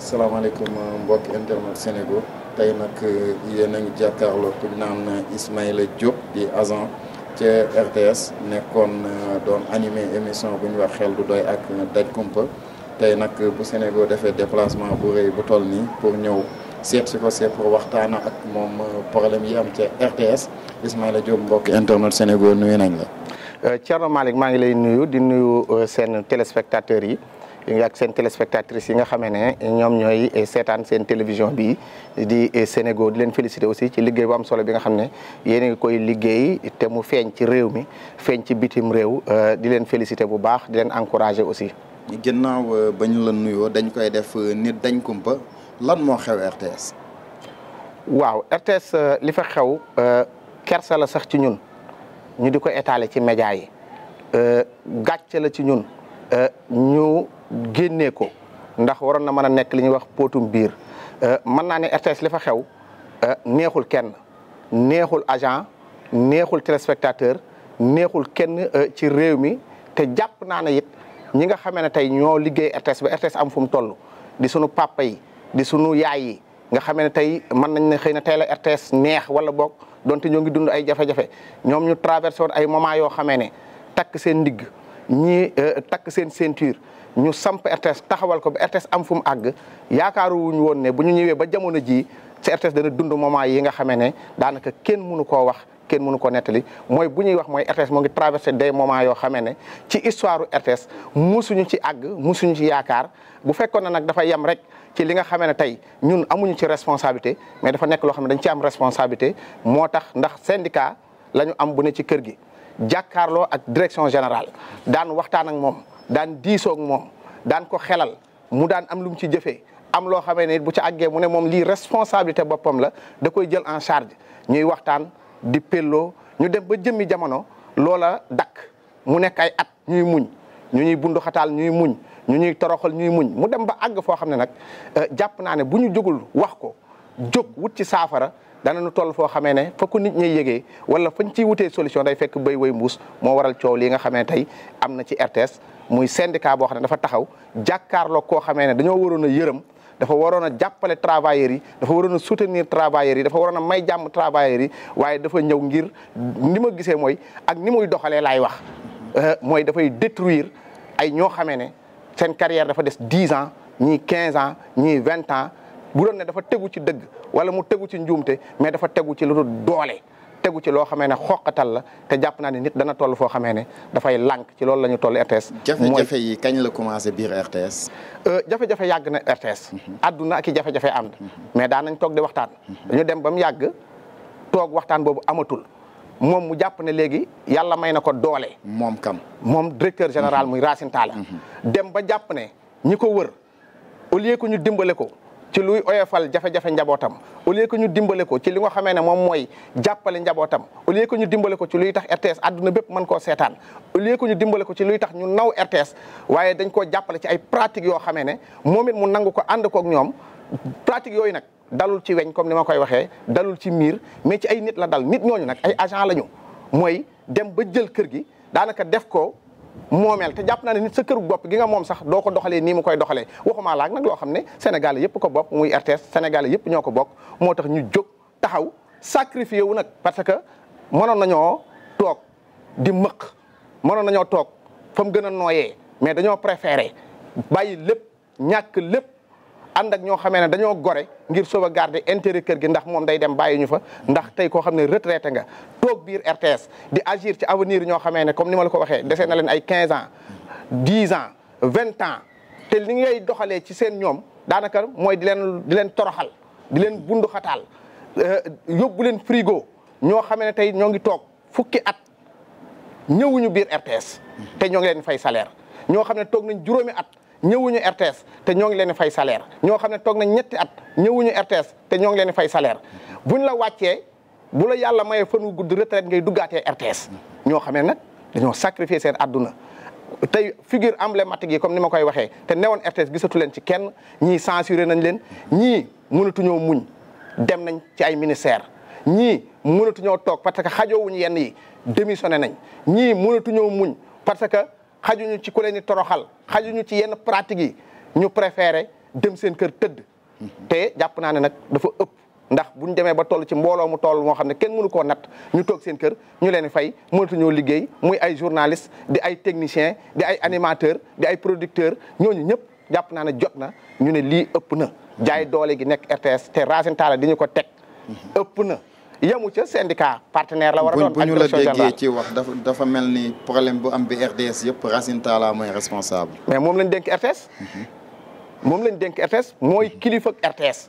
asalaamaaleykum euh, mbokk internet Sénégal tey nag euh, yéen a ngi jàkkaarloo ku naan euh, Ismaïla Diop di agent ca RTS nekkoon doon animé émission bu ñu wax xel du doy ak daj kumpa tey nag bu Sénégal defee déplacement bu rëy bu toll nii pour ñëw seet si ko c'est pour waxtaana ak moom problème yi am ca RTS Ismaïla Diop mbokk internet Sénégal nuyu nañ la. Thierno Malick maa ngi lay nuyu di nuyu seen téléspectateurs yi. ak seen téléspectatrices yi nga xamee ne ñoom ñooy seetaan seen télévision bi di Sénégo di leen féliciter aussi ci liggéey bu am solo bi nga xam ne yéen a ngi koy liggéey te mu feeñ ci réew mi feeñ ci bitim réew euh, di leen féliciter bu baax di leen encourager aussi. ginnaaw euh, ba ñu la nuyoo dañ koy def euh, nit dañ kumpa lan moo xew RTS. waaw RTS li fa xew kersa la sax ci ñun ñu di ko étaler ci média yi gàcce la ci ñun ñu. génnee ko ndax waroon na mën a nekk li ñuy wax póotum biir euh, mën naa ne RTS li fa xew euh, neexul kenn neexul agent neexul téléspectateur neexul kenn euh, ci réew mi te jàpp naa ne it ñi nga xamee ne tey ñoo liggéey RTS ba RTS am fu mu toll di sunu papa di sunu yaay nga xamee ne tey mën nañ ne xëy na tey la neex wala boog donte ñoo ngi dund ay jafe-jafe ñoom ñu traversé woon ay moment yoo xamee ne takk seen ndigg ñii takk seen ceinture ñu samp RTS taxawal ko ba RTS am fu mu àgg yaakaaru woon ne bu ñu ñëwee ba jamono jii ci RTS dana dund moment yi nga xamee ne daanaka kenn mënu koo wax kenn munu ko nettali mooy bu ñuy wax mooy RTS moo ngi traversé des moments yoo xamee ne ci histoire RTS musuñu ci àgg musuñu ci yaakaar bu fekkoon na nag dafa yem rek ci li nga xamee ne tey ñun amuñu ci responsabilité mais dafa nekk loo xam ne dañ ci am responsabilité moo tax ndax syndicat la ñu am bu ne ci kër gi jàkkaarloo ak direction générale daan waxtaan ak moom daan diisoog moom daan ko xelal mu daan am lu mu ci jëfee am loo xamee ne bu ci àggee mu ne moom lii responsabilité boppam la da koy jël en charge ñuy waxtaan di pelloo ñu dem ba jëmmi jamono loola dakk mu nekk at ñuy muñ ñu ñuy bunduxataal ñuy muñ ñu ñuy toroxal ñuy muñ mu dem ba àgg foo xam ne nag eh, jàpp naa ne bu ñu jógul wax ko jóg wut ci saafara danañu toll foo xamee ne fa nit ñi yëgee wala fañ ciy wutee solution day fekk béy woy mbuus moo waral coow lii nga xamee tey am na ci RTS muy syndicat boo xam ne dafa taxaw jàkkaarloo koo xamee ne dañoo waroon a yërëm dafa waroon a jàppale travailleurs yi dafa waroon a soutenir travailleurs yi dafa waroon a may jàmm travailleurs yi waaye dafa ñëw ngir ni ma gisee mooy ak ni muy doxalee laay wax euh, mooy dafay détruire ay ñoo xamee ne sen carrière dafa des dix ans ñii quinze ans ñii vingt ans bu doon ne dafa tegu ci dëgg wala mu tegu ci njuumte mais dafa tegu ci lu dul doole tegu ci loo xamee ne xoqatal la te jàpp naa ne nit dana toll foo xamee ne dafay lànk ci loolu la ñu toll RTS. jafe-jafe yi kañ la commencé biir RTS. Euh, jafe yàgg na RTS. Mhm. àdduna aki i jafe-jafe am mhm. mais daan nañ toog di waxtaan. Mhm. dañu dem ba mu yàgg toog waxtaan boobu amatul. moom mu jàpp ne léegi yàlla may na ko doole. moom kam moom directeur général muy Racine dem ba jàpp ne ñi ko wër au lieu que ñu dimbale ko. ci luy oyofal jafe-jafe njabootam au lieu que ñu dimbale ko ci li nga xamee ne moom mooy jàppale njabootam au lieu ñu dimbale ko ci luy tax RTS àdduna bépp mën koo seetaan au ñu dimbale ko ci luy tax ñu naw RTS waaye dañ koo jàppale ci ay pratiques yoo xamee ne moom it mu nangu ko ànd koog ñoom pratique yooyu nag dalul ci weñ comme ni ma koy waxee dalul ci miir mais ci ay nit la dal nit ñooñu nag ay agent la ñu mooy dem ba jël kër gi daanaka def ko moomeel te jàpp naa ne nit sa këru bopp gi nga moom sax doo ko doxalee nii mu koy doxalee waxumaa laak nag loo xam ne Sénégal yëpp ko bokk muy RTS Sénégal yëpp ñoo ko bokk moo tax ñu jóg taxaw sacrifié wu nag parce que mënoon nañoo toog di mëq mënoon nañoo toog fa mu gën a nooyee mais dañoo préféré bàyyi lépp ñàkk lépp ànd ak ñoo xamee ne dañoo gore ngir sauvegarder intérêt kër gi ndax moom day dem bàyyi ñu fa ndax tey koo xam ne retraité nga toog biir RTS di agir ci avenir ñoo xamee ne comme ni la ko waxee dese leen ay 15 ans 10 ans 20 ans te li ngay doxalee ci seen ñoom daanaka mooy di leen di leen toroxal di leen bunduxataal xataal euh, yóbbu leen frigo ñoo xamee ne tey ñoo ngi toog fukki at ñëwuñu biir RTS te ñoo ngi leen fay salaire ñoo xam ne toog nañ juróomi at ñëwuñu RTS te ñoo ngi leen fay salaire ñoo xam ne toog na ñetti at ñëwuñu RTS te ñoo ngi leen fay salaire buñ la wàccee bu la yàlla mayee fan wu gudd retraite ngay duggaatee RTS ñoo xam ne nag dañoo sacrifier seen àdduna tey figure emblématique yi comme ni ma koy waxee te newoon RTS gisatu leen ci kenn ñii censuré nañ leen ñii mënatuñoo muñ dem nañ ci ay ministère ñii mënatuñoo toog parce que xajoowuñu yenn yi démissionné nañ ñii mënatuñoo muñ xajuñu ci ku leen di toroxal xajuñu ci yenn pratique yi ñu préféré dem seen kër tëdd te jàpp naa ne nag dafa ëpp ndax buñ demee ba toll ci mbooloo mu toll moo xam ne kenn mënu koo nat ñu toog seen kër ñu leen fay mënatuñoo liggéey muy ay journaliste di ay technicien di ay animateur di ay producteur ñooñu ñëpp jàpp naa ne jot na ñu ne lii ëpp na jaay doole gi nekk RTS te Racine Talla di ñu ko teg mm-hmm. ëpp na yamu ca syndicat partenaire la war a doon. bu ñu la ci wax dafa dafa mel ni problème bu am bi RTS yëpp Racine Talla mooy responsable. mais moom lañ dénk RTS. moom lañ dénk RTS mooy kilifa RTS.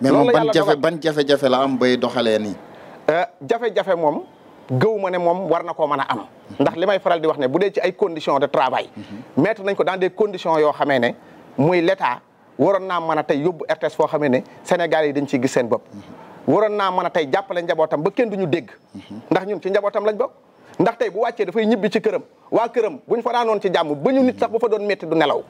mais moom ban jafe ban jafe-jafe la bay doxalee nii. Euh, jafe-jafe moom gëw ma ne moom war na koo mën a am. ndax li may faral di wax ne bu dee ci ay condition de travail. mettre nañ ko dans des conditions yoo xamee ne muy l' état waroon naa mën a tey yóbbu RTS foo xamee ne Sénégal yi dañ ciy gis seen bopp. waroon naa mën a tey jàppale njabootam ba kenn duñu dégg ndax ñun ci njabootam lañ bokk ndax tey bu wàccee dafay ñibbi ci këram waa këram buñ fa daanoon ci jàmm ba ñu nit sax bu fa doon métti du nelaw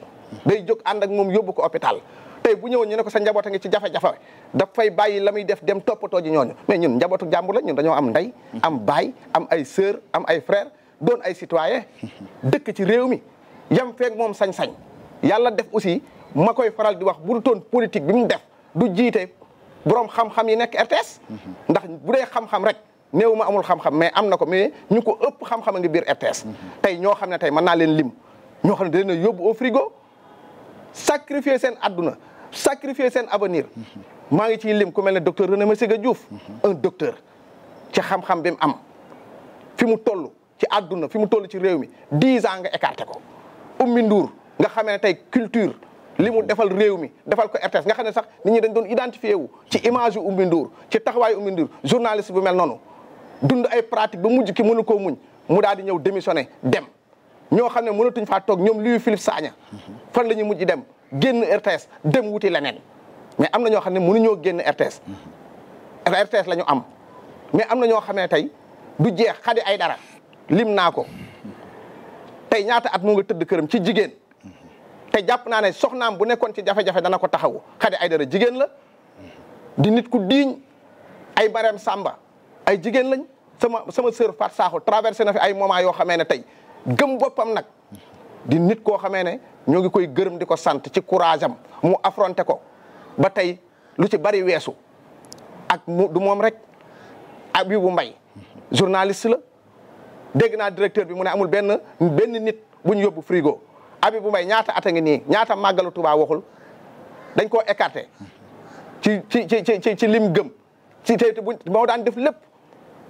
day jóg ànd moom yóbbu ko hôpital tey bu ñëwoon ñu ne ko sa njaboot a ngi ci jafe-jafe dafay bàyyi la def dem toppatoo ji ñooñu mais ñun njabootu jàmbur la ñun dañoo am ndey am baay am ay sœur am ay frère doon ay citoyen dëkk ci réew mi yam feeg moom sañ-sañ yàlla def aussi ma koy faral di wax bu politique bi mu def du jiite borom xam-xam yi nekk ndax bu dee xam-xam rek néew ma amul xam-xam mais am na ko mais ñu ko ëpp xam-xam a ngi biir RTS. tey ñoo xam ne tey mën naa leen lim ñoo xam ne dinañ yóbbu au frigo sacrifier seen adduna sacrifier seen avenir maa ngi ciy lim ku mel ne docteur ma Massiga Diouf. un docteur ci xam-xam bi am fi mu toll ci adduna fi mu toll ci réew mi dix ans nga écarté ko Oumy Ndour nga xamee ne tey culture. li mu defal réew mi defal ko RTS nga xam ne sax ni ñi dañ doon identifié wu ci image yu Oumy Ndour ci taxawaayu Oumy Ndour journaliste bu mel noonu dund ay pratique ba mujj ki mënu koo muñ mu daal di ñëw démissionné dem ñoo xam ne mënatuñ faa toog ñoom Louis Philippe Sagna fan la ñuy mujj dem génn RTS dem wuti leneen mais am na ñoo xam ne mënuñoo génn RTS RTS la am mais am na ñoo xam ne tey du jeex xadi ay dara lim naa ko tey ñaata at mu nga tëdd këram ci jigéen te jàpp naa ne soxnaam bu nekkoon ci jafe-jafe dana ko taxawu ay Aidara jigéen la di nit ku diiñ ay Marème sàmba ay jigéen lañ sama sama sœur Fatou Sakho traversé na fi ay moment yoo xamee ne tey gëm boppam nag di nit koo xamee ne ñoo ngi koy gërëm di ko sant ci courage am mu affronté ko ba tey lu ci bari weesu ak mu du moom rek Abibou mbay journaliste la dégg naa directeur bi mu ne amul benn benn nit bu ñu yóbbu frigo Habibou Mbaye ñaata at ngi nii ñaata màggalu Touba dañ koo écarté ci ci ci ci ci lim gëm ci tey bu moo daan def lépp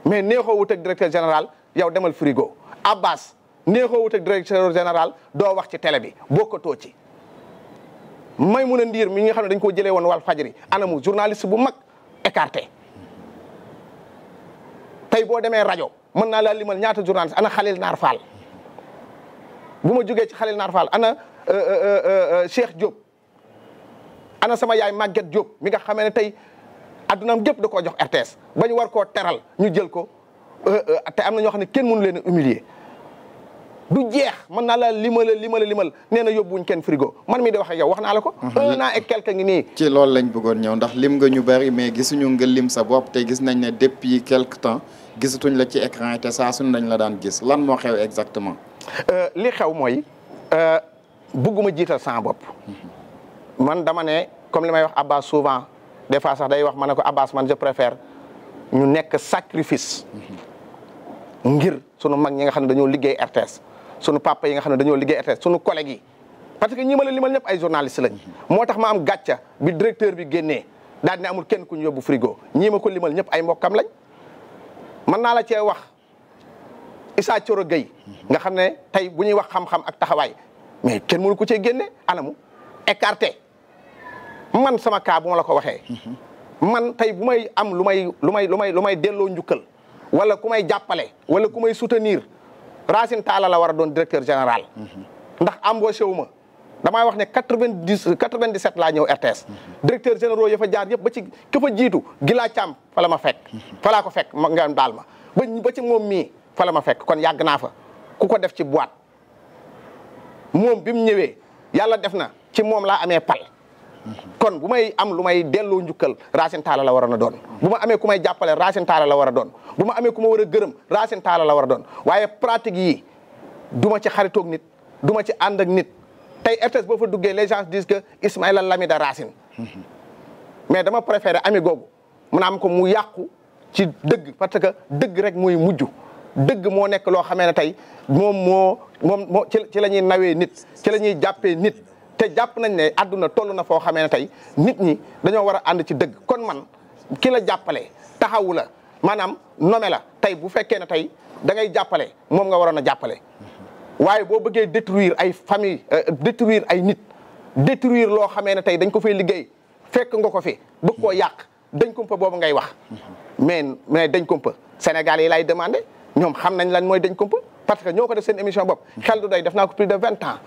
mais neexoo wut ak général yow demal frigo Abbas neexoo wut ak directeur général doo wax ci télé bi bokkatoo ci. Maimouna Ndiir mi nga xam ne dañ koo jëlee woon Walf Fadjri mu journaliste bu mag écarté tey boo demee rajo mën naa laa limal ñaata journaliste ana Khalil Naar Fall. bu ma jógee ci Khalil Nar Fall ana euh, euh, euh, Cheikh Diop ana sama yaay Maguette Diop mi nga xamee ne tey addunaam gépp da koo jox RTS ba ñu war koo teral ñu jël ko te am na ñoo xam ne kenn munu leen a humilier du jeex ma naa la limal limal limal nee na yóbbuwuñ kenn frigo man mii de wax ak yow wax naa la ko. Mhm. un e et quelque ngi nii. ci lool lañ bëggoon ñëw ndax lim nga ñu bari mais gisuñu nga lim sa bopp te gis nañ ne depuis quelque temps gisatuñ la ci écran te saa suñ la daan gis lan moo xew exactement. Euh, li xew mooy euh, bugguma jiital sans bopp man damane comme li may wax Abbas souvent des fois sax day wax ma ne ko Abbas man je préfère ñu nekk sacrifice ngir sunu mag ñi nga xam ne dañoo liggéey RTS sunu papa yi nga xam ne dañoo liggéey RTS sunu collègues yi parce que ñi ma la limal ñëpp ay journaliste lañ moo tax ma am gàcca bi directeur bi génnee daal ne amul kenn ku ñu yóbbu frigo ñii ko limal ñëpp ay mbokkam lañ mën naa la cee wax Issa Thioro Gueye nga xam ne tey bu ñuy wax xam-xam ak taxawaay mais kenn mënu ko cee génne anamu écarté man sama cas bu ma la ko waxee man tey bu may am lu may lu may lu may lu may delloo njukkal wala ku may jàppale wala ku may soutenir Racine Talla la war a doon directeur général ndax embauché wu ma damay wax ne quatre vingt dix quatre vingt dix sept laa ñëw RTS directeur généraux ya a jaar yëpp ba ci ka a jiitu Gila Thiam fa ma fekk fa laa ko fekk ma nga daal ma ba ci moom mii fala ma fekk kon yàgg naa fa ku ko def ci boîte moom bi mu ñëwee yàlla def na ci moom laa amee pal kon bu may am lu may delloo njukkal Racine Talla la war a doon bu ma amee ku may jàppale Racine Talla la war a doon bu ma amee ku ma war a gërëm Racine Talla la war a doon waaye pratique yi duma ci xaritoog nit du ma ci ànd ak nit tey RTS boo fa duggee les gens disent que Ismaïla Lamida Racine mais dama préféré ami googu mu na am ko mu yàqu ci dëgg parce que dëgg rek muy mujj dëgg moo nekk loo xamee ne tey moom moo moom moo ci la ñuy nawee nit ci la ñuy jàppee nit te jàpp nañ ne àdduna toll na foo xamee ne tey nit ñi dañoo war a ànd ci dëgg kon man ki jàppale taxawu la maanaam nome la tey bu fekkee ne tey da ngay jàppale moom nga waroon a jàppale waaye boo bëggee détruire ay famille euh, détruire ay nit détruire loo xamee ne tey dañ ko fay liggéey fekk nga ko fi bëgg koo yàq dañ kumpa boobu ngay wax mm-hmm. mais mais dañ kumpa Sénégal yi lay demandé ñoom xam nañ lan mooy dañ kumpa parce que ñoo ko def seen émission bopp xel du doy def naa ko plus de vingt ans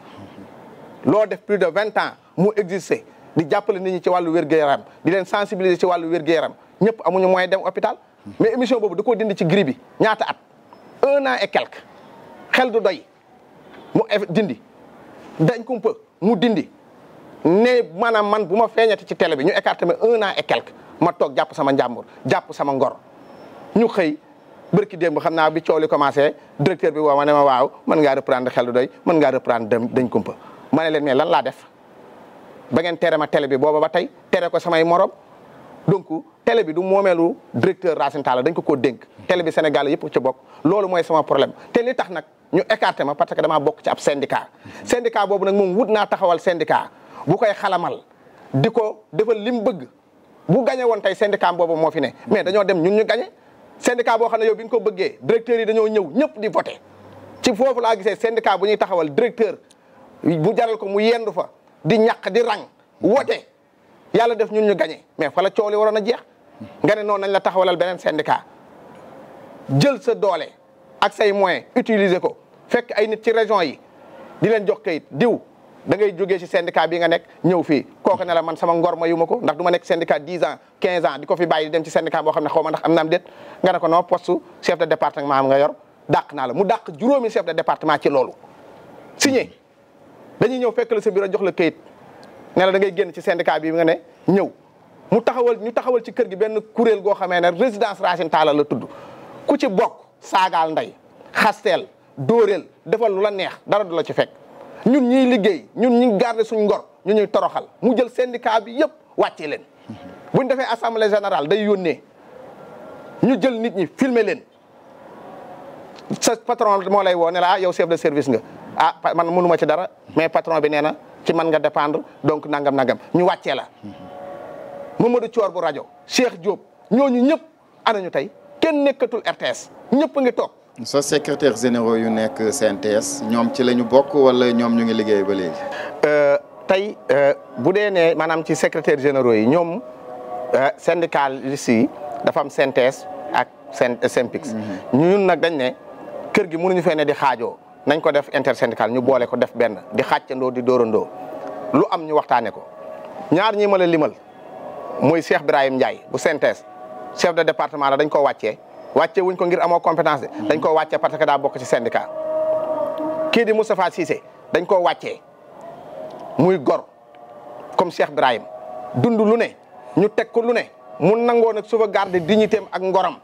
loo def plus de vingt ans mu existé di jàppale nit ci wàllu wér yaram di leen sensibiliser ci wàllu wér-gu-yaram ñëpp amuñu moyen dem hôpital mais émission boobu da koo dindi ci gri ñaata at un an et quelque xel du doy mu dindi dañ kumpa mu dindi ne maanaam man bu ma feeñati ci télé bi ñu écarté ma un an et quelque ma toog jàpp sama njàmbur jàpp sama ngor ñu xëy bërki démb xam naa bi coow li commencé directeur bi woo ma ne ma waaw mën ngaa reprendre xel du doy mën ngaa reprendre dem dañ kumpa ma ne leen mais lan laa def ba ngeen tere ma télé bi booba ba tey tere ko samay morom donc télé bi du moomeelu directeur Racine Talla dañ ko koo dénk télé bi Sénégal yëpp ca bokk loolu mooy sama problème te li tax nag ñu écarté ma parce que damaa bokk ci ab syndicat syndicat boobu nag moom wut naa taxawal syndicat bu koy xalamal di ko defal li mu bëgg bu gañe woon tey syndicat boobu moo fi ne mais dañoo dem ñun ñu gañe syndicat boo xam ne yow bi ñu ko bëggee directeur yi dañoo ñëw ñëpp di voté ci foofu laa gisee syndicat bu ñuy taxawal directeur bu jaral ko mu yendu fa di ñàq di rang wote yàlla def ñun ñu gañe mais fa la coow waroon a jeex nga ne noonu nañ la taxawalal beneen syndicat jël sa doole ak say moyens utiliser ko fekk ay nit ci région yi di leen jox kayit diw dangay ngay jógee ci syndicat bi nga nekk ñëw fi kooku ne la man sama ngor ma yu ma ko ndax du ma nekk syndicat 10 ans 15 ans di ko fi bàyyi dem ci syndicat boo xam ne xaw ma ndax am na ne ko non poste chef de département am nga naa la mu dàq juróomi chef de département ci loolu signé dañuy ñëw fekk la sa bureau jox la kayit ne la génn ci syndicat bi nga ne ñëw mu taxawal ñu taxawal ci kër gi benn kuréel goo xamee ne résidence Racine Talla la tudd ku ci bokk saagaal ndey xasteel dóoreel defal lu la neex dara du la ci fekk ñun ñuy liggéey ñun ñuy garder suñ ngor ñu ñuy toroxal mu jël syndicat bi yëpp wàccee leen buñ defee assemblée général day yónnee ñu jël nit ñi filmer leen sa patron moo lay woone ne la ah yow chef de service nga ah man mënu ma ci dara mais patron bi neena ci man nga dépendre donc nangam nangam ñu wàccee la Mamadou Thior bu rajo Cheikh Diop ñooñu ñëpp ana ñu tey kenn nekkatul RTS ñëpp a ngi toog sa secrétaire généraux yu nekk CNTS ñoom ci la ñu bokk wala ñoom ñu ngi liggéey ba léegi. Euh, tey euh, bu dee ne maanaam ci secretaire généraux yi ñoom euh, syndicaliste yi dafa am CNTS ak SYNPICS. Mhm. ñun nag dañ ne kër gi mënuñu fee ne di xaajoo nañ ko def intersyndical ñu boole ko def benn di xàccandoo di dóorandoo lu am ñu waxtaanee ko ñaar ñi ma la limal mooy Cheikh Birahim Ndiaye bu CNTS chef de département la dañ ko wàccee. wàcce wuñ ko ngir amoo compétence de dañ ko wàcce parce que daa bokk ci syndicat kii di Moustapha Cissé dañ koo wàccee muy gor comme Cheikh Ibrahim dund lu ne ñu teg ko lu ne mu nangoo nag di dignité am ak ngoram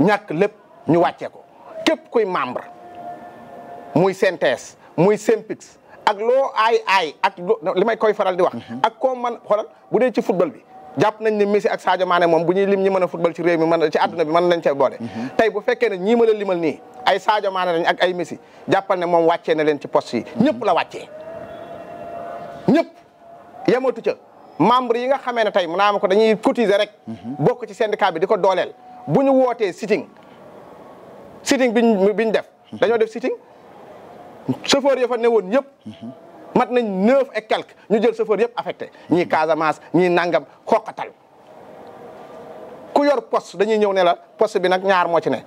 ñàkk lépp ñu wàccee ko képp kuy membre muy CNTS muy SYNPICS ak loo ay aay ak li may koy faral di wax. Mhm. ak koo man xoolal bu dee ci football bi. jàpp nañ ne Messi ak Sadio Mané moom bu ñuy lim ñi mën a football ci réew mi mën ci àdduna bi mën nañ cee boole mhm. tey bu fekkee ne ñii limal nii ay Sadio Mané lañ ak ay Messi jàppal ne moom wàccee na leen ci poste yi ñëpp la wàccee ñëpp yematu ca membre yi nga xamee ne tey mu naa ma ko dañuy cotiser rek mhm. bokk ci syndicat bi di ko dooleel bu ñu wootee sitting sitting biñ biñ def mhm. dañoo def sitting chauffeur ya fa woon yëpp mat nañ neuf et quelque ñu jël chauffeur yëpp affecté ñii Casamance ñii nangam xoqatal ku yor post dañuy ñëw ne la poste bi nag ñaar moo ci ne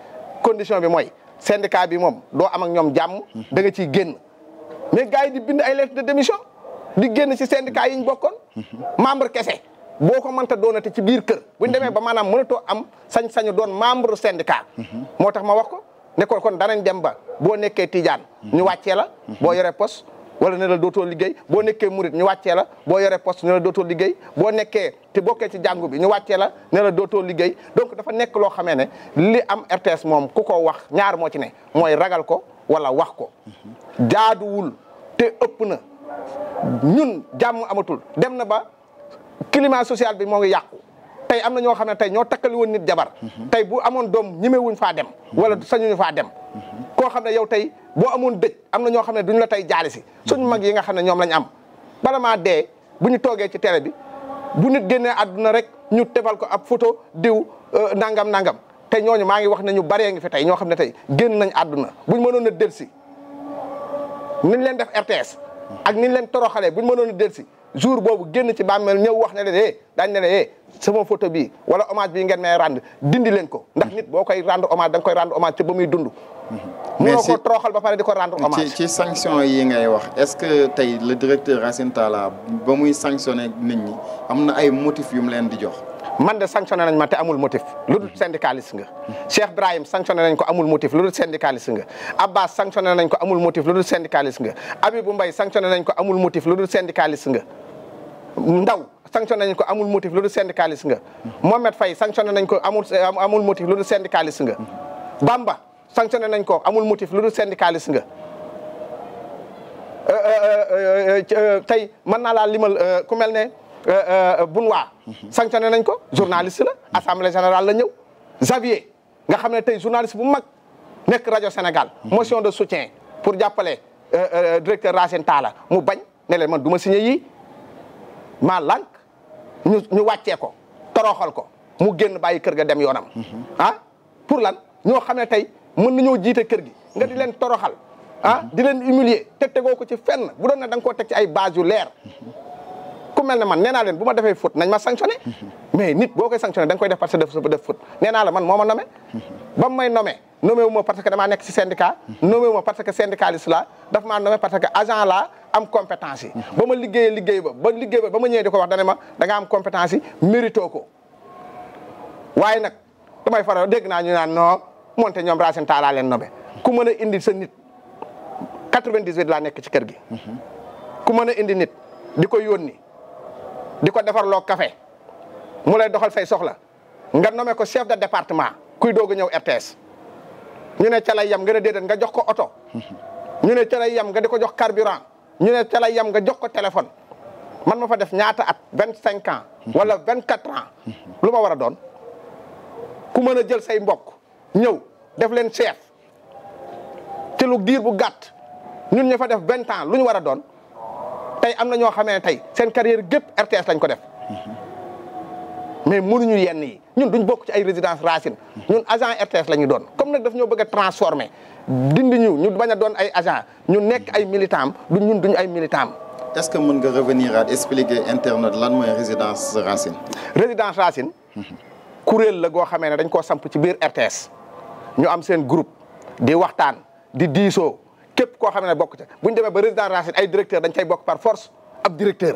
condition bi mooy syndicat bi moom doo am ak ñoom jàmm da ciy génn mais gars yi di bind ay lettre de démission di génn ci syndicat yi ñu bokkoon membre kese boo ko mënta doonate ci biir kër buñ demee ba maanaam mënatoo am sañ-sañu doon membre syndicat moo tax ma wax ko ne ko kon danañ dem ba boo nekkee tijaan ñu wàccee la boo yoree post wala ne la dootoo liggéey boo nekkee murit ñu wàccee la boo yore poste ne la dootoo liggéey boo nekkee te bokkee ci jàngu bi ñu wàccee la ne la dootoo liggéey donc dafa nekk loo xamee ne li am RTS moom ku ko wax ñaar moo ci ne mooy ragal ko wala wax ko jaaduwul te ëpp na ñun jàmm amatul dem na ba climat social bi moo ngi yàqu tey am na ñoo xam ne tey ñoo takkaliwoon nit jabar mhm. tey bu amoon doom ñemewuñ faa dem wala sañuñu faa dem mhm. koo xam ne yow tey boo amoon dëj am na ñoo xam ne duñ la tey jaali si suñu mag yi nga xam ne ñoom lañ am bala maa dee bu ñu toogee ci télé bi bu nit génnee àdduna rek ñu tebal ko ab photo diw euh, nangam nangam te ñooñu maa ngi wax ne ñu baree ngi fi tey ñoo xam ne tey génn nañ àdduna ñu mënoon a del si niñ leen def RTS ak niñ leen toroxalee buñ mënoon a del si jour boobu génn ci bàmmeel ñëw wax ne leen eh ne leen eh, sama photo bi wala hommage bi ngeen may rendre dindi leen ko ndax nit boo koy rendre hommage da nga koy rendre hommage ca ba muy dund mënoo mhm. ko ba pare di ko rendre hommage ci sanction yi ngay wax est-ce que tey le directeur Racine Talla ba muy sanctionné nit ñi am na ay motif yu mu leen di jox man de sanctionné nañ ma te amul motif lu dul syndicaliste nga mhm. Cheikh Ibrahim sanctionné nañ ko amul motif lu dul syndicaliste nga Abbas sanctionné nañ ko amul motif lu dul syndicaliste nga Abibou Mbaye sanctionné nañ ko amul motif lu dul syndicaliste nga ndaw sanctionné nañ ko amul motif lu dul syndicaliste nga Mohamed Faye sanctionné nañ ko amul amul motif lu dul syndicaliste nga Bamba sanctionné nañ ko amul motif lu dul syndicaliste nga euh, euh, euh, tey mën naa laa limal ku mel ne Bunwa sanctionné nañ ko journaliste la assemblée générale la ñëw Xavier nga xam ne tey journaliste bu mag nekk rajo Sénégal motion de soutien pour jàppale directeur Racine Talla mu bañ ne leen man du ma signé maa lànk ñu ñu wàccee ko toroxal ko mu génn bàyyi kër ga dem yoonam mm-hmm. ah pour lan ñoo xam ne tey mën nañoo jiite kër gi nga di leen toroxal ah mm-hmm. di leen humilier te tegoo ko ci fenn bu doon na da nga koo teg ci ay base yu leer mm-hmm. mel ne man nee leen bu ma defee faute nañ ma sanctionné mais nit boo koy sanctionné da nga koy def parce que dafa def faute nee naa la man moo ma ba mu may nome nommé wu ma parce que dama nekk ci syndicat nommé wu ma parce que syndicaliste la dafa maa nommé parce que agent la am compétence yi ba ma liggéeyee liggéey ba ba liggéey ba ba ma ñëwee ko wax dane ma danga am compétence yi mérito ko waaye nag damay faral dégg naa ñu naan non moonte ñoom Racine Talla leen nommé ku mën a indi sa nit 98 laa nekk ci kër gi ku mën a indi nit di ko yónni di ko defarloo kafe mu lay doxal say soxla nga nommé ko chef de département kuy doog a ñëw RTS ñu ne ca lay yem nga ne déedéet nga jox ko oto ñu ne ca lay yem nga di ko jox carburant ñu ne ca lay yem nga jox ko téléphone man ma fa def ñaata at vingt cinq ans wala vingt quatre ans lu ma war a doon ku mën a jël say mbokk ñëw def leen chef ci lu diir bu gàtt ñun ñu fa def vingt ans lu ñu war a doon tey am na ñoo xamee tey seen carrière gépp RTS lañ ko def mais mënuñu yenn yi ñun duñ bokk ci ay résidence racine ñun agent RTS la ñu doon comme nag daf ñoo bëgg a transformer ñu ñu bañ a doon ay agent ñu nekk ay militant am du ñun duñu ay militant am est-ce que mën nga revenir à expliquer internet lan mooy résidence racine résidence racine kuréel la goo xamee ne dañ ko samp ci biir RTS ñu am seen groupe di waxtaan di diisoo képp koo xam ne bokk ca bu demee ba résident racine ay directeur dañ cay bokk par force ab directeur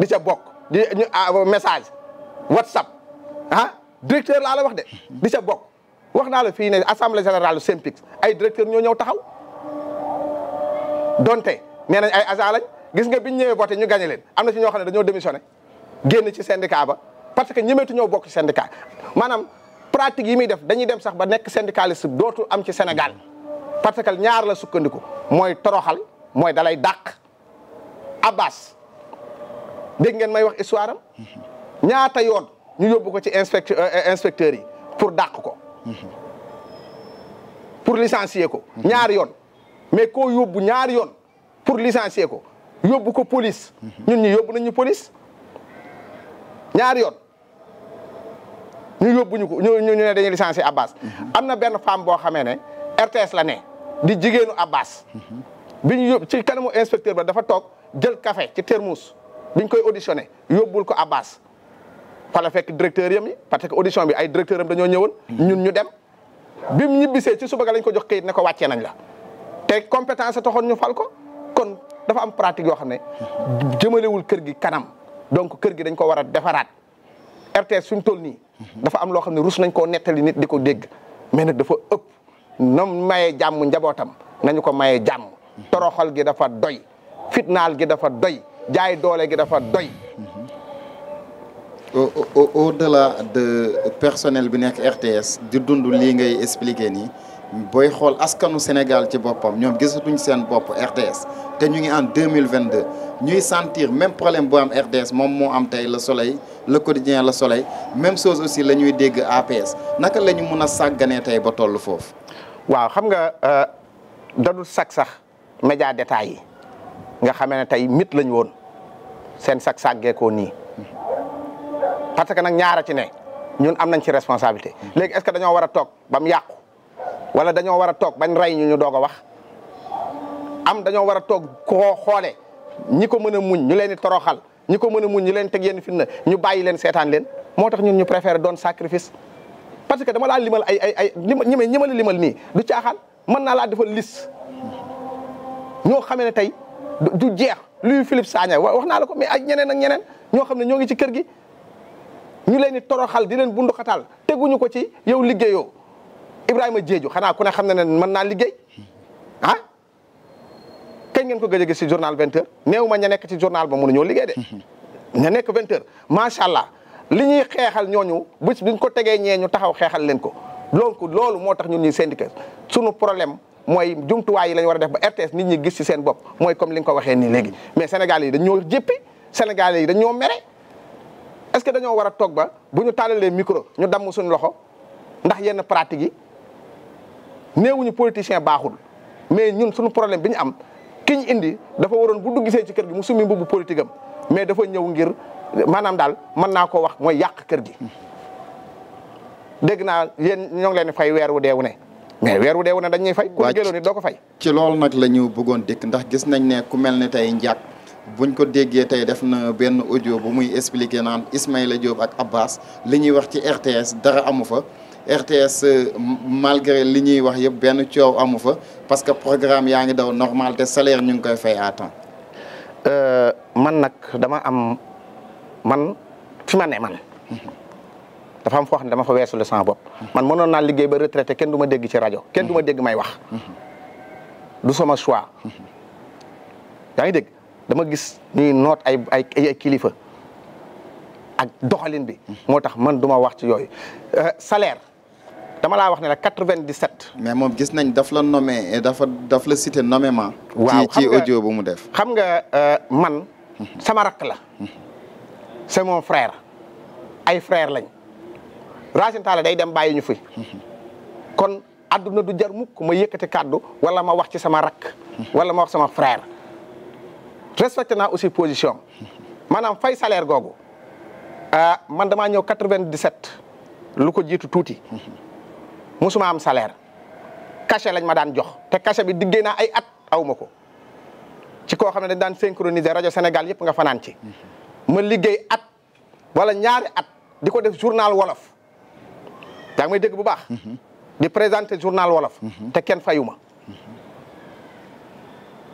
di ca bokk di ñu ah, message whatsapp ah directeur laa la wax de di ca bokk wax naa la fii ne assemblée générale du SYNPICS ay directeur ñoo ñëw taxaw donte nee nañ ay agent lañ gis nga biñ ñëwee voté ñu gagné leen am na ci ñoo xam ne dañoo démissionné génn ci syndicat ba parce que ñemeetu ñoo bokk ci syndicat maanaam pratique yi muy def dañuy dem sax ba nekk syndicaliste dootu am ci Sénégal parce que ñaar la sukkandiku mooy toroxal mooy dalay dàq Abbas dégg ngeen may wax histoire am ñaata yoon ñu yóbbu ko ci inspecteur euh, euh, inspecteurs yi pour dàq ko pour licencier ko ñaari yoon mais ko yóbbu ñaari yoon pour licencier ko yóbbu ko police ñun ñu yóbbu nañu police ñaari yoon ñu yóbbu ñu ko ñu ñu ne dañuy licencier Abbas am na benn femme boo xamee ne RTS la ne di jigéenu Abbas bi ñu ci kanamu inspecteur ba dafa toog jël kafe ci thermos bi ñu koy auditionné yóbbul ko Abbas fa la fekk directeur yam yi parce que audition bi ay directeur am dañoo ñëwoon. ñun ñu dem bi mu ñibbisee ci suba ga lañ ko jox kayit ne ko wàccee nañ la te compétence taxoon ñu fal ko kon dafa am pratique yoo xam ne jëmalewul kër gi kanam donc kër gi dañ ko war a defaraat RTS suñ toll nii. dafa am loo xam ne rus nañ koo nettali nit di ko dégg mais dafa ëpp. nam mayee jàmm njabootam nañu ko mayee jàmm toroxal gi dafa doy fitnaal gi dafa doy jaay doole gi dafa doy au au au delà de personnel bi nekk RTS di dund lii ngay expliquer nii booy xool askanu Sénégal ci boppam ñoom gisatuñ seen bopp RTS te ñu ngi en deux mille vingt deux ñuy sentir même problème bu am RTS moom moo am tey le soleil le quotidien la soleil même chose aussi la ñuy dégg APS naka lañu mun a sàgganee tey ba toll foofu. waaw xam nga euh, dadul sax sax média détail yi nga xamee ne tey mit lañ woon seen sax sàggeekoo nii parce que nag ñaara ci ne ñun am nañ ci responsabilité léegi est-ce que dañoo war a toog ba mu yàqu wala dañoo war a toog bañ rey ñu ñu doog a wax am dañoo war a toog koo xoole ñi ko mën a muñ ñu leen di toroxal ñi ko mën a muñ ñu leen teg yenn fitna ñu bàyyi leen seetaan leen moo tax ñun ñu préféré doon sacrifice parce que dama laa limal ay ay ay ñi ma ñi ma limal nii du caaxaan mën naa laa defal lis ñoo xamee ne tey du jeex luy Philippe Sagna wax naa la ko mais ay ñeneen ak ñeneen ñoo xam ne ñoo ngi ci kër gi ñu leen di toroxal di leen bunduxatal teguñu ko ci yow liggéeyoo Ibrahima Diédhiou xanaa ku ne xam ne na ne mën naa liggéey ah kañ ngeen ko gëj a gis ci journal 20 heures néew ma ña nekk ci journal ba mënuñoo liggéey de ña nekk 20 heures allah. li ñuy xeexal ñooñu bis biñ ko tegee ñee ñu taxaw xeexal leen ko donc loolu moo tax ñun ñuy syndicat sunu problème mooy jumtuwaay yi la ñu war a def ba RTS nit ñi gis ci seen bopp mooy comme li nga waxee nii léegi mais Sénégal yi dañoo jéppi Sénégal yi dañoo mere est-ce que dañoo war a toog ba bu ñu tàllalee micro ñu damm suñu loxo ndax yenn pratique yi néewuñu politicien baaxul mais ñun suñu problème bi ñu am ki ñu indi dafa waroon bu dugg gisee ci kër gi mu summi mbubu politique am mais dafa ñëw ngir maanaam daal man naa ko wax mooy yàq kër gi dégg naa yéen ñoo ngi leen fay weer wu deewu ne mais weer wu deewu ne dañ ñuy fay ku jëloon it doo fay ci loolu nag la ñu bëggoon dikk ndax gis nañ ne ku mel ne tey njaag buñ ko déggee tey def na benn audio bu muy expliqué naan Ismaïla Diop ak Abbas li ñuy wax ci RTS dara amu fa RTS euh, malgré li ñuy wax yëpp benn coow amu fa parce que programme yaa ngi daw normal te salaire ñu ngi koy fay à temps euh, man nag dama am man fi ma ne man dafa am foo xam ne dama fa weesu la sama bopp man mënoon naa liggéey ba retraité kenn du dégg ci rajo kenn du ma dégg may wax du sama choix yaa ngi dégg dama gis ñuy noot ay ay kilifa ak doxalin bi moo tax man duma wax ci yooyu euh, salaire dama laa wax ne la 97. mais moom gis nañ daf la nommé dafa daf la site nommément. waaw ci ci audio ba mu def. xam nga euh, man hmm. sama rakk la. Hmm. c'est mon frère ay frère lañ Racine Talla day dem bàyyi ñu fi kon àdduna du jar mukk ma yëkkati kàddu wala ma wax ci sama rakk wala ma wax sama frère respecté naa aussi position maanaam fay salaire googu ah man damaa ñëw quatre-vingt-dix-sept lu ko jiitu tuuti musuma am salaire cachet lañ ma daan jox te cachet bi diggee naa ay at awma ko ci koo xam ne dañ daan synchroniser rajo Sénégal yëpp nga fanaan ci ma liggéey at wala ñaari at di ko def journal wolof yaa ngi may dégg bu baax. Mhm. di présenter journal wolof. Mhm. te kenn fayu ma. Mhm.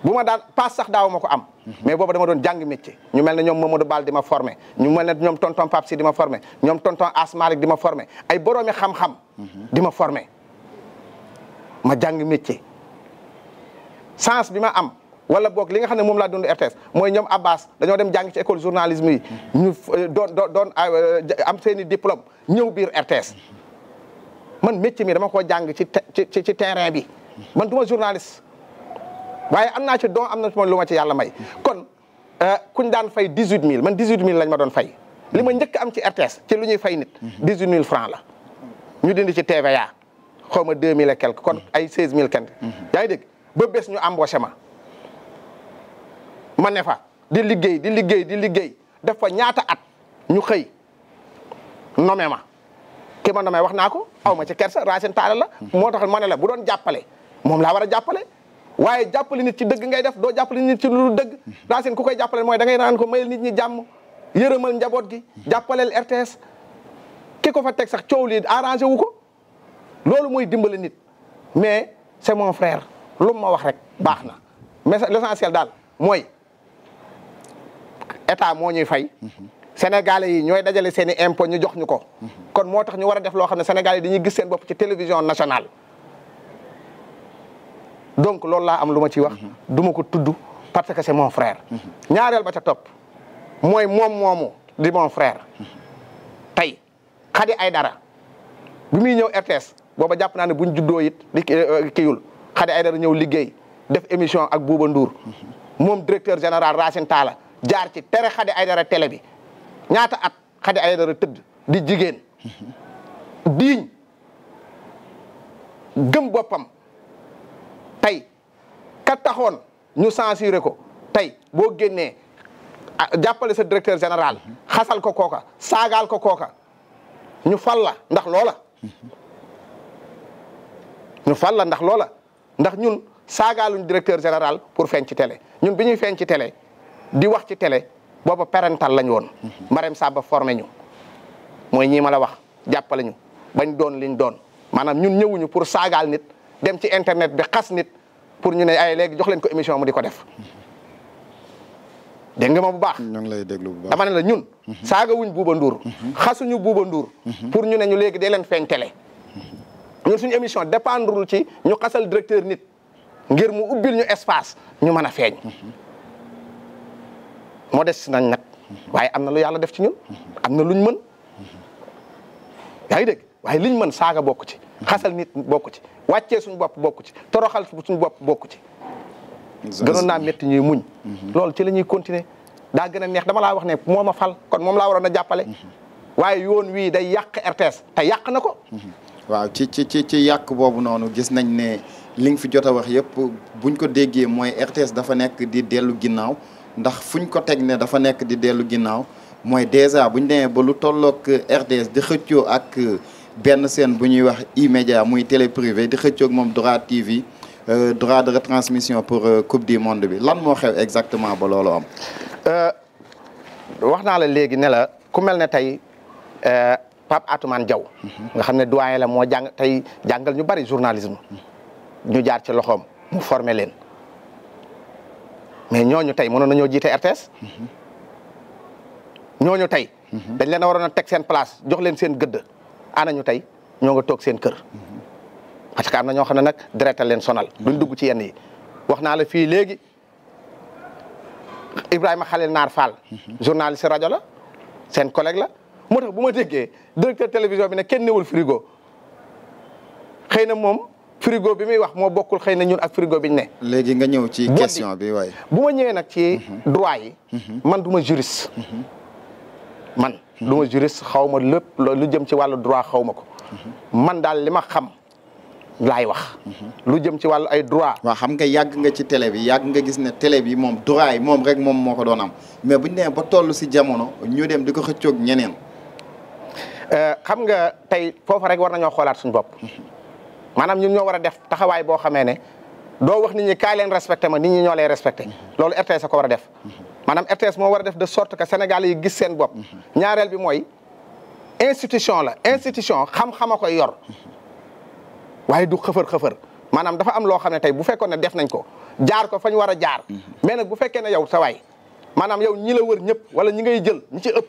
bu ma daan paas sax daaw ma ko am. mais boobu dama doon jàng métier. ñu mel ne ñoom Mamadou Bal di ma formé ñu mel ne ñoom tonton Pape Si di ma formé ñoom tonton Asmalik di ma formé ay boroomi xam-xam. di ma formé ma jàng métier. sens bi ma am. wala boog li nga xam ne moom laa dund RTS mooy ñoom Abbas dañoo dem jàng ci école journalisme yi ñu euh, doon euh, am seeni i diplôme ñëw biir RTS man métier mi dama ko jàng ci ci ci terrain bi man du ma journaliste waaye am naa ci don am na ci man lu ma ci yàlla may kon euh, kuñ daan fey dix huit mille man dix huit mil lañ ma doon fay lima njëkk am ci RTS ci lu ñuy fay nit dix huit mille franc la ñu dindi ci TVA xaw ma deux mille et quelque kon mm-hmm. ay seize mille quelque mm-hmm. yaa ngi b bés ñu embauché ma ma ne fa di liggéey di liggéey di liggéey def fa ñaata at ñu xëy nome ma ki ma nomee wax naa ko aw ma ci kersa Racine Talla la moo tax ma ne la bu doon jàppale moom laa war a jàppale waaye jàppale nit ci dëgg ngay def doo jàppale nit ci lu dëgg Racine ku koy jàppale mooy da ngay naan ko mayel nit ñi jàmm yërëmal njaboot gi jàppaleel RTS ki ko fa teg sax coow lii arrangé wu ko loolu mooy dimbale nit mais c'est mon frère lu ma wax rek baax na mais l'essentiel daal mooy état moo ñuy fay. sénégalais yi ñooy dajale seen i impôt ñu jox ñu ko. kon moo tax ñu war a def loo xam ne sénégalais yi dañuy gis seen bopp ci télévision nationale. donc loolu laa am lu ma ciy wax. duma ko tudd parce que c'est mon frère. ñaareel ba ca topp mooy moom moomu di mon frère. tey ay dara bu muy ñëw RTS booba jàpp naa ne buñ juddoo it di kiyul euh, Khady Aïdara ñëw liggéey def émission ak Bouba nduur moom directeur général Racine Talla. jaar ci tere Xadi Aydara tele bi ñaata at Xadi Aydara tëdd di jigéen diiñ gëm boppam tey ka taxoon ñu censuré ko tey boo génnee jàppale sa directeur général xasal ko kooka saagaal ko kooka ñu fal la ndax loola ñu fal la ndax loola ndax ñun saagaaluñ directeur général pour feeñ ci télé ñun bi ñuy feeñ ci télé di wax ci télé booba parental lañ woon. Marème Samba formé ñu mooy ñii ma la wax jàppale ñu bañ doon liñ doon maanaam ñun ñëwuñu pour saagaal nit dem ci internet bi xas nit pour ñu ne ay léegi jox lañ ko émission mu di ko def. dégg nga ma bu baax ñoo ngi lay déglu bu baax dama la ñun. Mhm. saaga wuñ buuba nduur. Mhm. xasuñu buuba nduur. Mhm. pour ñu ne ñu léegi dee leen feeñ télé. ñun suñu émission dépendrul ci ñu xasal directeur nit ngir mu ubbil ñu espace ñu mën a feeñ. moo modeste nañ nag waaye am na lu yàlla def ci ñun am na luñ mën yaa ngi waaye luñ mën saaga bokk ci xasal nit bokk ci wàccee suñu bopp bokk ci toroxal suñu bopp bokk ci gënoon naa métti ñuy muñ mm-hmm. loolu ci la ñuy continuer daa gën a neex dama laa wax ne moom ma fal kon moom laa waroon a jàppale mm-hmm. waaye yoon wii day yàq RTS te yàq na ko mm-hmm. waaw ci ci ci ci yàq boobu noonu gis nañ ne li nga fi jot a wax yépp buñ ko déggee mooy RTS dafa nekk di dellu ginnaaw ndax fuñ ko teg ne dafa nekk di dellu ginnaaw mooy dèjà bu ñu demee ba lu tollook RTS di xëccoo ak euh, benn seen bu ñuy wax E-Media muy télé privé di xëccoog moom Droit TV euh, droit de retransmission pour euh, coupe du monde bi lan moo xew exactement ba loolu am. wax naa la léegi ne la ku mel ne tey Pape Atoumane Diaw. Mhm. nga xam ne doyen la moo jàng tey jàngal ñu bari journalisme. Mhm. ñu jaar ci loxoom mu formé leen. mais ñooñu tey mënoon nañoo jiite RTS. ñooñu tey. dañ leen a waroon teg seen place jox leen seen gëdd. anañu tey ñoo nga toog seen kër. parce que am na ñoo xam ne nag direct leen sonal. duñ dugg ci yenn yi wax naa la fii léegi Ibrahima Khalil Naar Fall. journaliste rajo la seen collègue la. moo tax bu ma déggee directeur télévision bi ne kenn newul frigo xëy na moom. frigo bi muy wax moo bokkul xëy na ñun ak frigo bi ñu ne. léegi nga ñëw ci question bi waaye. bu ma ñëwee nag ci mhm. droit yi. Mhm. man du ma juriste. Mhm. man du ma xaw ma lépp lu jëm ci wàllu droit xaw ma ko. man daal li ma xam. laay wax. lu jëm ci wàllu ay droit. ma xam nga yàgg nga ci télé bi yàgg nga gis ne télé bi moom droit yi moom rek moom moo ko doon am mais bu ñu nee ba toll si jamono ñu dem di ko xëccoog ñeneen. e xam nga tey foofa rek war nañoo xoolaat suñu bopp. maanaam ñun ñoo war a def taxawaay boo xamee ne doo wax nit ñi kaay leen respecté ma nit ñi ñoo lay respecté loolu RTS ko war a def maanaam RTS moo war a def de sorte que Sénégalais yi gis seen bopp ñaareel bi mooy institution la institution xam-xam a koy yor waaye du xëfër xëfër maanaam dafa am loo xam ne tey bu fekkoon ne def nañ ko jaar ko fa ñu war a jaar mais nag bu fekkee ne yow sa waay maanaam yow ñi la wër ñëpp wala ñi ngay jël ñi ci ëpp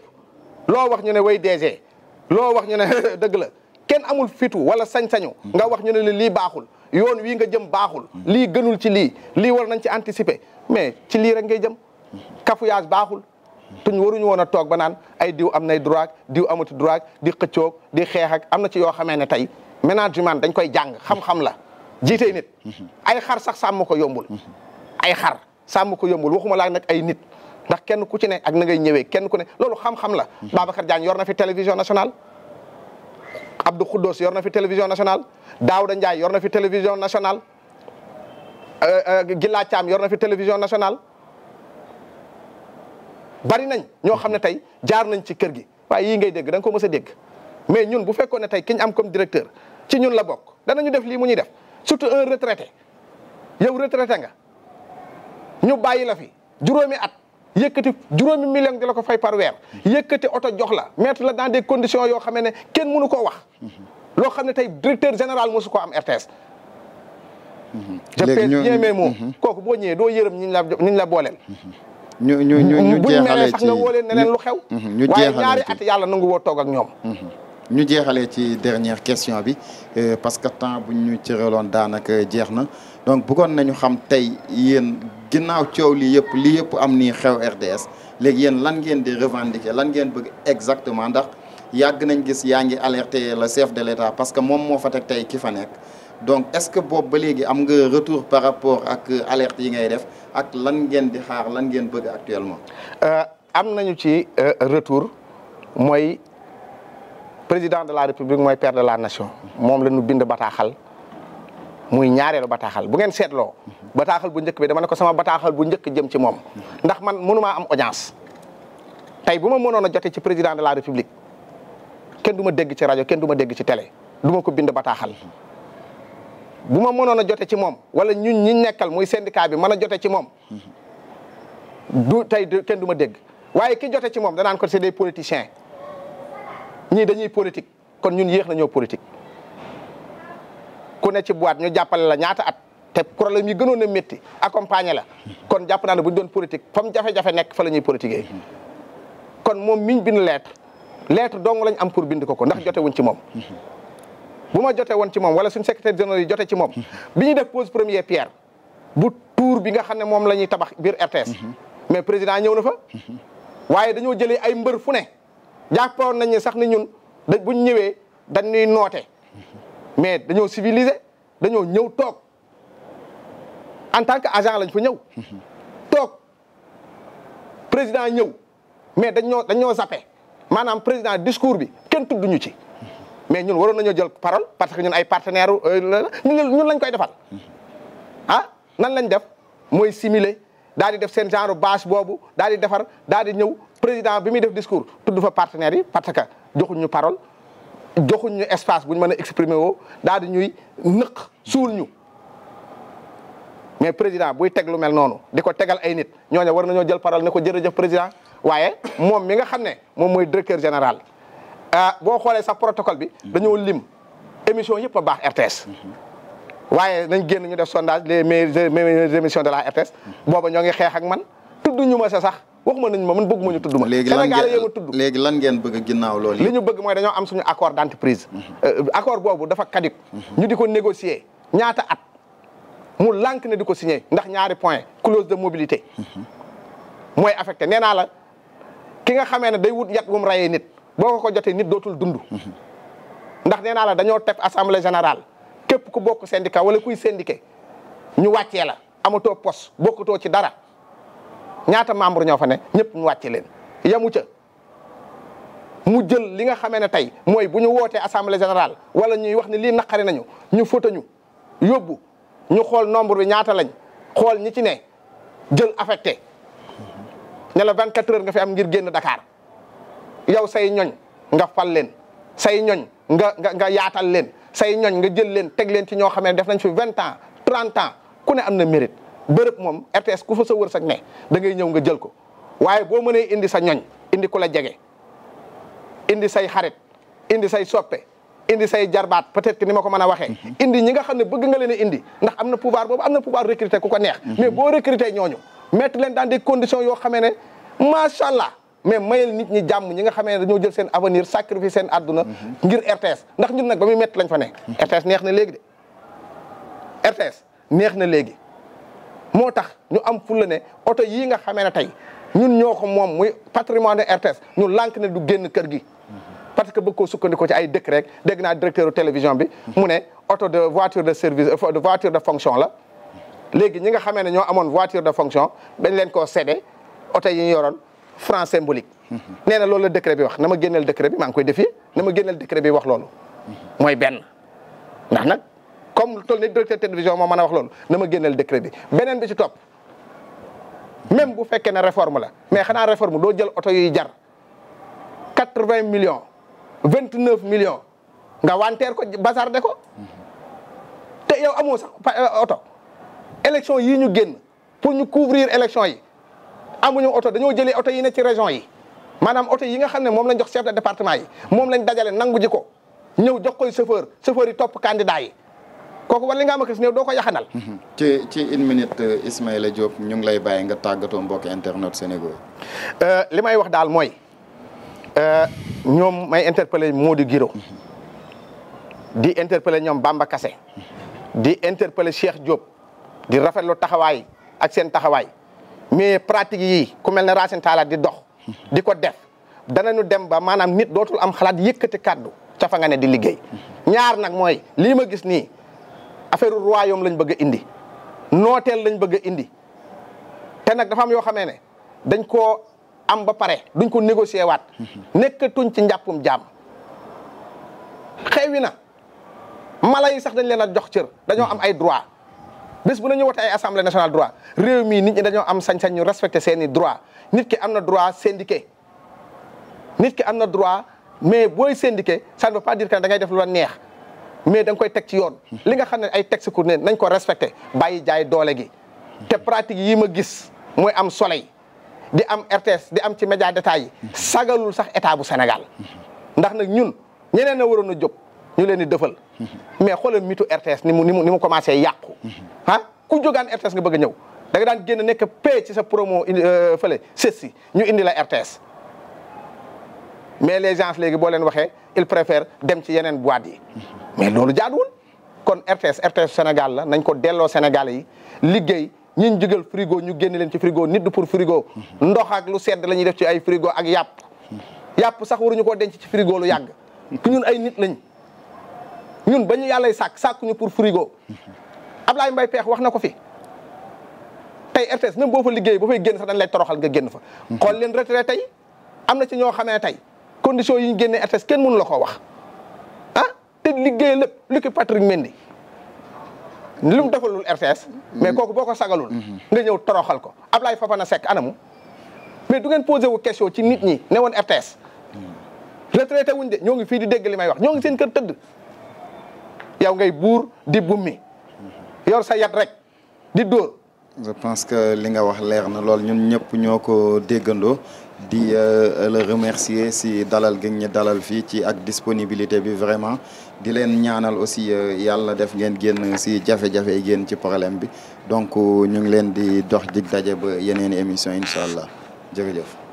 loo wax ñu ne way DG loo wax ñu ne dëgg la kenn amul fitu wala sañ-sañu nga wax ñu ne la lii baaxul yoon wii nga jëm baaxul lii gënul ci lii lii war nañ ci anticiper mais ci lii rek ngay jëm cafouillage baaxul tuñ waruñu woon a toog ba naan ay diw am nay droit diw amatu droit di xëccoog di xeex ak am na ci yoo xamee ne tey management dañ koy jàng xam-xam la jiitey nit ay xar sax sàmm ko yombul ay xar sàmm ko yombul waxuma laa nag ay nit ndax kenn ku ci ne ak na ngay ñëwee kenn ku ne loolu xam-xam la Babacar Diagne yor na fi télévision nationale Abdou Khoudous yor na fi télévision nationale Daouda Ndiaye yor na fi télévision nationale euh, euh, Gilla Thiam yor na fi télévision nationale bari nañ ñoo xam ne tey jaar nañ ci kër gi waaye yii ngay dégg da ko mës a dégg mais ñun bu fekkoon ne tey ki am comme directeur ci ñun la bokk danañu def lii mu ñuy def surtout un retraité yow retraité nga ñu bàyyi la fi juróomi at. yëkkati juróomi million di la ko fay par weer yëkkati oto jox la mettre la dans de conditions yoo xam ne kenn mënu ko wax loo xam ne tey directeur général mosu ko am RTS je pèse bien mes mots mhm. kooku boo ñëwee doo yërëm ñiñ la ñiñ la booleel mhm. ñu ñu ñu ñu jeexalee sax nga woolee neneen lu xew mhm. waaye ñaari at yàlla nangu woo toog ak ñoom ñu jeexalee ci dernière question bi euh, parce que temps bu ñu cëraloon daanaka jeex na donc bëggoon nañu xam tey yéen ginnaaw coow lii yëpp lii yëpp am ni xew RDS léegi yéen lan ngeen di revendiquer lan ngeen bëgg exactement ndax yàgg nañ gis yaa ngi alerte la chef de l'État parce que moom moo fa teg ki fa nekk donc est-ce que boobu ba léegi am nga retour par rapport ak alerte yi ngay def ak lan ngeen di xaar lan ngeen bëgg actuellement euh, am nañu ci euh, retour mooy président de la république mooy per de la nation moom la ñu bind bataaxal muy ñaareelu bataaxal bu ngeen seetloo bataaxal bu njëkk bi dama ne ko sama bataaxal bu njëkk jëm ci moom ndax man mënumaa am audience tey bu ma mënoon a jote ci président de la république kenn duma ma dégg ci rajo kenn du ma dégg ci télé du ma ko bind bataaxal bu ma mënoon a jote ci moom wala ñun ñi nekkal muy syndicat bi mën a jote ci moom du tey kenn du ma dégg waaye ki jote ci moom danaan ko c'est des politiciens ñii dañuy politique kon ñun yéex na ñoo politique ku ne ci boîte ñu jàppale la ñaata at te problème yi gënoon a métti accompagner la kon jàpp naa ne bu ñu doon politique fa mu jafe-jafe nekk fa la ñuy politiquer kon moom miñ bind lettre lettre dong lañ am pour bind ko ko ndax jote wuñ ci moom bu ma jotee woon ci moom wala suñu secrétaire général yi jote ci moom bi ñuy def pose première pierre bu tour bi nga xam ne moom la ñuy tabax biir RTS mais président ñëw na fa waaye dañoo jëlee ay mbër fu ne jàppoon nañ sax ni ñun da buñ ñëwee dañuy noote mais dañoo civilisé dañoo ñëw toog en tant que agent lañ fa ñëw. toog président ñëw mais dañoo dañoo zappé maanaam président discours bi kenn ñu ci. mais ñun waroon nañoo jël parole parce que ñun ay partenaire euh, ñun ñun lañ koy defar ah nan lañ def mooy simuler daal di def seen genre bâche boobu daal di defar daal di ñëw président bi muy def discours tudd fa partenaires yi parce que joxuñu parole. joxuñ ñu espace bu ñu mën a exprimer woo daal di ñuy nëq suul ñu mais président buy teg lu noonu di ko tegal ay nit ñooñu war nañoo jël parole ne ko jërëjëf président waaye moom mi nga xam ne moom mooy directeur général. Ah, boo xoolee sax protocole bi dañoo lim émission yëpp a baax RTS. waaye nañ génn ñu def sondage les meilleures émission de la RTS booba ñoo ngi xeex ak man tudd ñu ma sa sax. waxuma nañ ma man bëgg ma ñu tudd ma Sénégal yee ma tudd léegi lan geen bëgg ginnaaw loolu li ñu bëgg mooy dañoo am suñu accord d'entreprise mhm. euh, accord boobu dafa caduc mhm. ñu di ko négocier ñaata at mu lànk ne di ko signé ndax ñaari point clause de mobilité mhm. mooy affecté nee naa la ki nga xamee ne day wut yat wum rayee nit boo ko ko jotee nit dootul dund ndax nee naa la dañoo teg assemblée général képp ku bokk syndicat wala kuy syndiqué ñu wàccee la amatoo poste bokkutoo ci dara ñaata membre ñoo fa ne ñëpp ñu wàcce leen yamu ca mu jël li nga xamee ne tey mooy bu ñu wootee assemblée générale wala ñuy wax ne lii naqari nañu ñu foto ñu yóbbu ñu xool nombre bi ñaata lañ xool ñi ci ne jël affecte ne la 24 heures nga fi am ngir génn Dakar yow say ñoñ nga fal leen say ñoñ nga nga yaatal leen say ñoñ nga jël leen teg leen ci ñoo xamee ne def nañ fi vingt ans 30 ans ku ne am na mérite. bërëb moom RTS ku fa sa wërsëg ne da ngay ñëw nga jël ko waaye boo mënee indi sa ñoñ indi ku la jege indi say xarit indi say soppe indi say jarbaat peut-être que ni ma ko mën a waxee. Mhm. indi ñi nga xam ne bëgg nga leen indi ndax am na pouvoir boobu am na pouvoir recruter ku ko neex. Mhm. mais boo recruter ñooñu mettre leen dans des conditions yoo xamee ne macha allah mais mayal nit ñi jàmm ñi nga xamee ne dañoo jël seen avenir sacrifice seen adduna. Mhm. ngir RTS ndax ñun nag ba métti lañ fa ne. RTS neex na léegi de RTS neex na léegi. moo tax ñu am fulla ne oto yii nga xamee ne tey ñun ñoo ko moom muy patrimoine de RTS ñu lank ne du génn kër gi parce que bëgg koo sukkandiku ci ay dëkk rek dégg naa directeur télévision bi mu ne oto de voiture de service euh, de voiture de fonction la léegi ñi nga xamee ne ñoo amoon voiture de fonction dañ leen koo cédé oto yi ñu yoroon franc symbolique nee na loolu la décret bi wax na ma génneel décret bi maa koy défier na ma génneel décret bi wax loolu mooy benn ndax nag comme toll ni directeur télévision moo mën a wax loolu na ma génneel décret bi beneen bi top topp même bu fekkee ne réforme la mais xanaa réforme doo jël oto yuy jar quatre vingt millions vingt neuf millions nga wanteer ko bazarde ko te yow amoo sax euh, oto élection yi ñu génn pour ñu couvrir élection yi amuñu oto dañoo jëlee oto yi ne ci région yi maanaam oto yi nga xam ne moom lañ jox chef de département yi moom lañ dajale nangu ji ko ñëw jox koy chauffeur chauffeur yi topp candidat yi kooku wala nga am ak doo ko yaxanal. Mhm. ci ci une minute euh, Ismaïla Diop ñu ngi lay bàyyi nga tàggatoo mbokk internet Sénégal. Euh, li may wax daal mooy euh, ñoom may interpeller Modou Guiro mhm. di interpeller ñoom Bamba kase mhm. di interpeller Cheikh Diop di rafetlu taxawaay ak seen taxawaay mais pratique yi ku mel ne Racine Talla di dox di ko def danañu dem ba maanaam nit dootul am xalaat yëkkati kàddu ca fa nga ne di liggéey ñaar nag mooy lii gis nii. affaire royaume lañ bëgg a indi nooteel lañ bëgg a indi te nag dafa am yoo xamee ne dañ koo am ba pare duñ ko négocier waat mhm. nekkatuñ ci njàppum jaam xewi na mala yi sax dañ leen a jox cër dañoo am mhm. ay droit bés bu na ñu wote ay assemblée nationale droit réew mii nit ñi dañoo am sañ-sañ ñu respecté seeni droit nit ki am na droit syndiqué nit ki am na droit mais booy syndiqué ça ne veut pas dire que da ngay def lu la neex mais da koy teg ci yoon linga xam ne ay texte ku ne nañ ko respecté bàyyi jaay doole gi te pratique yi ma gis mooy am soleil di am RTS di am ci média d'état yi sagalul sax état bu Sénégal ndax nag ñun ñeneen a waroon a jóg ñu leen di dëfal mais xoolal mitu RTS ni mu ni mu ni mu commencé yàqu ah ku jógaan RTS nga bëgg ñëw da nga daan génn nekk pay ci sa promo euh, fële sës si ñu indi la RTS mais les gens léegi boo leen waxee ils préfèrent dem ci yeneen boîte yi mais loolu jaaduwul kon RTS RTS Sénégal la nañ ko delloo Sénégal yi liggéey ñiñ jugal frigo ñu génn leen ci frigo nit du pour frigo ndox ak lu sedd la ñuy def ci ay frigo ak yàpp yàpp sax waruñu ko denc ci frigo lu yàgg ñun ay nit lañ ñun ba ñu yàllay sàkk sàkkuñu pour frigo Ablaye Mbaye Peex wax na ko fi tey RTS même boo fa liggéey boo fay génn sax dañ lay toroxal nga génn fa xool leen retraité tey am na ci ñoo xamee tey condition yi ñu génnee RTS kenn mënu la ko wax ah te liggéey lépp li ko Patrick Mendy ni lu mu defalul RTS. mais kooku boo ko sagalul. nga ñëw toroxal ko Ablaye Fofana Seck anamu. mais du ngeen posé wu question ci nit ñi ne woon RTS. retraité wuñ de ñoo ngi fii di dégg li may wax ñoo ngi seen kër tëdd. yow ngay buur di bummi yor sa yat rek di dóor. je pense que li nga wax leex na lool ñun ñëpp ñoo ko déggandoo. di euh, euh, la remercier si dalal gi ñu dalal fii ci ak disponibilité bi vraiment di leen ñaanal aussi euh, yàlla def ngeen génn si jafe-jafe yi génn ci problème bi donc ñu ngi leen di dox dig daje ba yeneen émission incha allah jërëjëf.